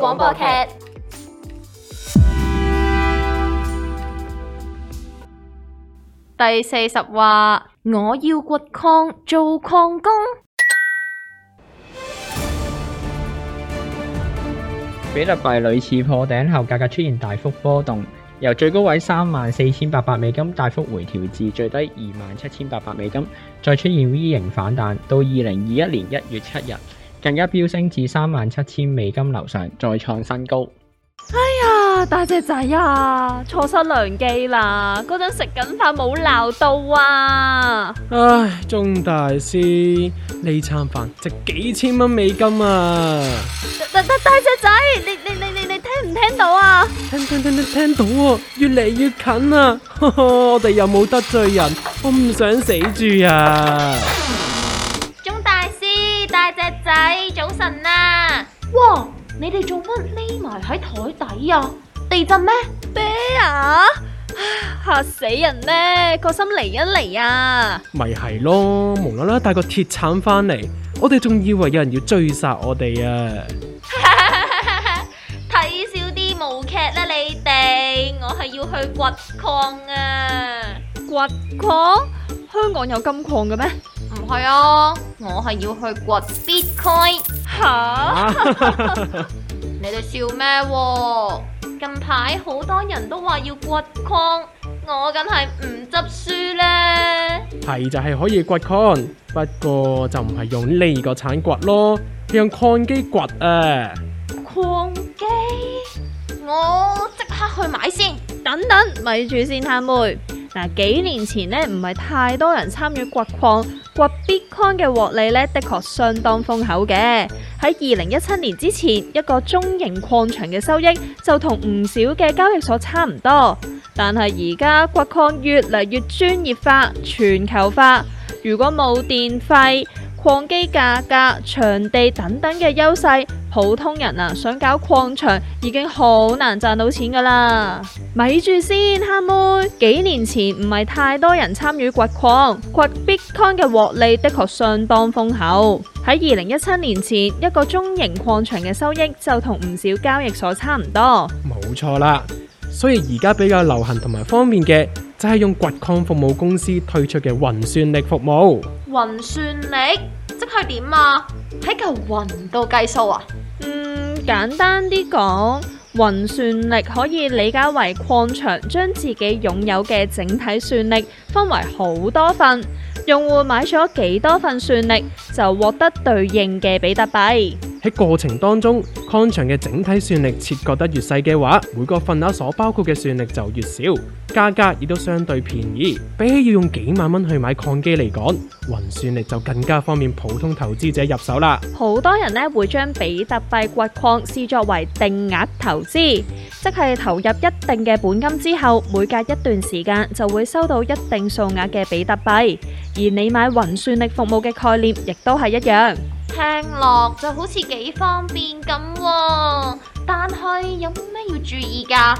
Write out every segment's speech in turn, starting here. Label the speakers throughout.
Speaker 1: 廣播劇第四十話，我要掘礦做礦工。
Speaker 2: 比特幣屢次破頂後，價格，格出現大幅波動，由最高位三萬四千八百美金大幅回調至最低二萬七千八百美金，再出現 V 型反彈。到二零二一年一月七日。更加飆升至三萬七千美金樓上，再創新高。
Speaker 3: 哎呀，大隻仔呀，錯失良機啦！嗰陣食緊飯，冇鬧到啊。
Speaker 2: 唉、啊，鍾大師，呢餐飯值幾千蚊美金啊！大大大隻仔，你你你你你，你，你，你聽唔聽到啊？聽聽聽聽，聽到啊！越嚟越近啊！呵呵，我哋又冇得罪人，我唔想死住啊！
Speaker 1: 神啊！嗯、哇，你哋
Speaker 3: 做乜匿埋喺台底啊？地震咩？啤牙啊？吓死人咩？個心離一離啊！
Speaker 2: 咪係咯，無啦啦帶個鐵鏟翻嚟，我哋仲以為有人要追殺我哋
Speaker 1: 啊！睇少啲無劇啦，你哋！我係要去掘礦啊！掘礦？香港有
Speaker 3: 金礦嘅咩？
Speaker 1: 唔係啊，我係要去掘 bitcoin。你哋笑咩？近排好多人都話要掘礦，我梗係唔執輸啦。
Speaker 2: 係就係可以掘礦，不過就唔係用呢個鏟掘咯，用礦機掘啊！
Speaker 3: 礦
Speaker 1: 機，
Speaker 3: 我即刻去買先。等等，咪住先，阿妹。嗱，幾年前呢，唔係太多人參與掘礦，掘 Bitcoin 嘅獲利呢，的確相當豐厚嘅。喺二零一七年之前，一個中型礦場嘅收益就同唔少嘅交易所差唔多。但係而家掘礦越嚟越專業化、全球化，如果冇電費、礦機價格、場地等等嘅優勢。普通人啊，想搞礦場已經好難賺到錢㗎喇。咪住先，蝦妹，幾年前唔係太多人參與掘礦，掘 Bitcoin 嘅獲利的確相當豐厚。喺二零一七年前，一個中型礦場嘅收益就同唔少交易所差唔多。
Speaker 2: 冇錯啦，所以而家比較流行同埋方便嘅就係用掘礦服務公司推出嘅雲算力服務。
Speaker 3: 雲算
Speaker 1: 力即係點啊？
Speaker 3: 喺嚿雲度計數啊？簡單啲講，運算力可以理解為礦場將自己擁有嘅整體算力分為好多份，用戶買咗幾多份算力，就獲得對應嘅比特幣。
Speaker 2: 喺過程當中，礦場嘅整體算力切割得越細嘅話，每個份額所包括嘅算力就越少，價格亦都相對便宜。比起要用幾萬蚊去買礦機嚟講，雲算力就更加方便普通投資者入手啦。
Speaker 3: 好多人呢會將比特幣掘礦視作為定額投資，即係投入一定嘅本金之後，每隔一段時間就會收到一定數額嘅比特幣。而你買雲算力服務嘅概念亦都係一樣。
Speaker 1: 聽落就好似幾方便咁喎，但係有冇咩要注意噶？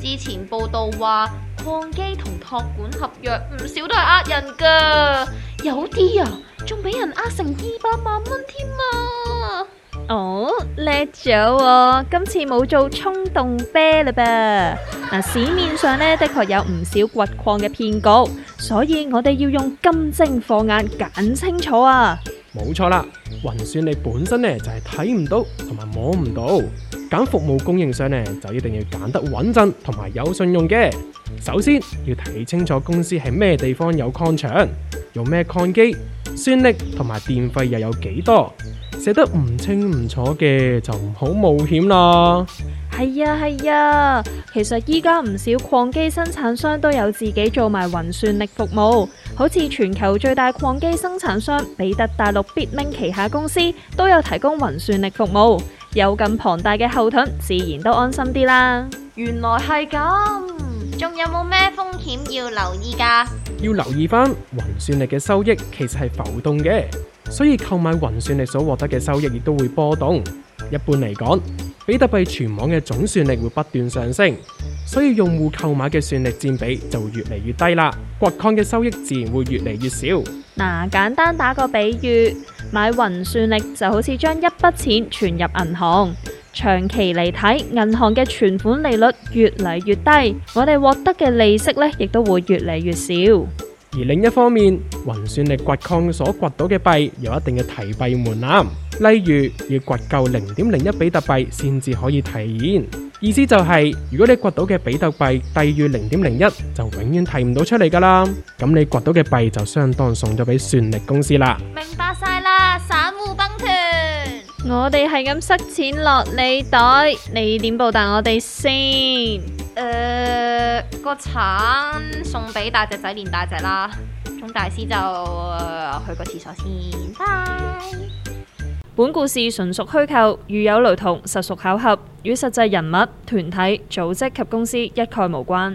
Speaker 1: 之前報道話礦機同託管合約唔少都係呃人噶，有啲啊仲俾人呃成二百萬蚊添啊！
Speaker 3: 啊哦，叻咗喎，今次冇做衝動啤嘞噃。嗱，市面上咧的確有唔少掘礦嘅騙局，所以我哋要用金睛火眼揀清楚
Speaker 2: 啊！冇錯啦，運算你本身咧就係睇唔到同埋摸唔到，揀服務供應商咧就一定要揀得穩陣同埋有信用嘅。首先要睇清楚公司係咩地方有礦場，用咩礦機，算力同埋電費又有幾多，寫得唔清唔楚嘅就唔好冒險啦。係
Speaker 3: 啊係啊，其實依家唔少礦機生產商都有自己做埋雲算力服務，好似全球最大礦機生產商比特大陸 Bitmain 旗下公司都有提供雲算力服務。有咁龐大嘅後盾，自然都安心啲啦。
Speaker 1: 原來係咁，仲有冇咩風險要留意噶？
Speaker 2: 要留意翻雲算力嘅收益其實係浮動嘅，所以購買雲算力所獲得嘅收益亦都會波動。一般嚟講，比特幣全網嘅總算力會不斷上升，所以用戶購買嘅算力佔比就越嚟越低啦。挖礦嘅收益自然會越嚟越少。
Speaker 3: 嗱、呃，簡單打個比喻，買雲算力就好似將一筆錢存入銀行，長期嚟睇，銀行嘅存款利率越嚟越低，我哋獲得嘅利息咧，
Speaker 2: 亦都會越嚟越少。.而另一方面，運算力掘礦所掘到嘅幣，有一定嘅提幣門檻，例如要掘夠零點零一比特幣先至可以提現，意思就係如果你掘到嘅比特幣低於零點零一，就永遠提唔到出嚟噶啦，咁你掘到嘅幣就相當送咗俾算力公司啦。明
Speaker 3: 白晒啦，散戶乓團，我哋係咁塞錢落你袋，你點報答我哋先？
Speaker 1: 誒、呃，個橙送俾大隻仔練大隻啦，咁大師就、呃、去個廁所先。拜。
Speaker 3: 本故事純屬虛構，如有雷同，實屬巧合，與實際人物、團體、組織及公司一概無關。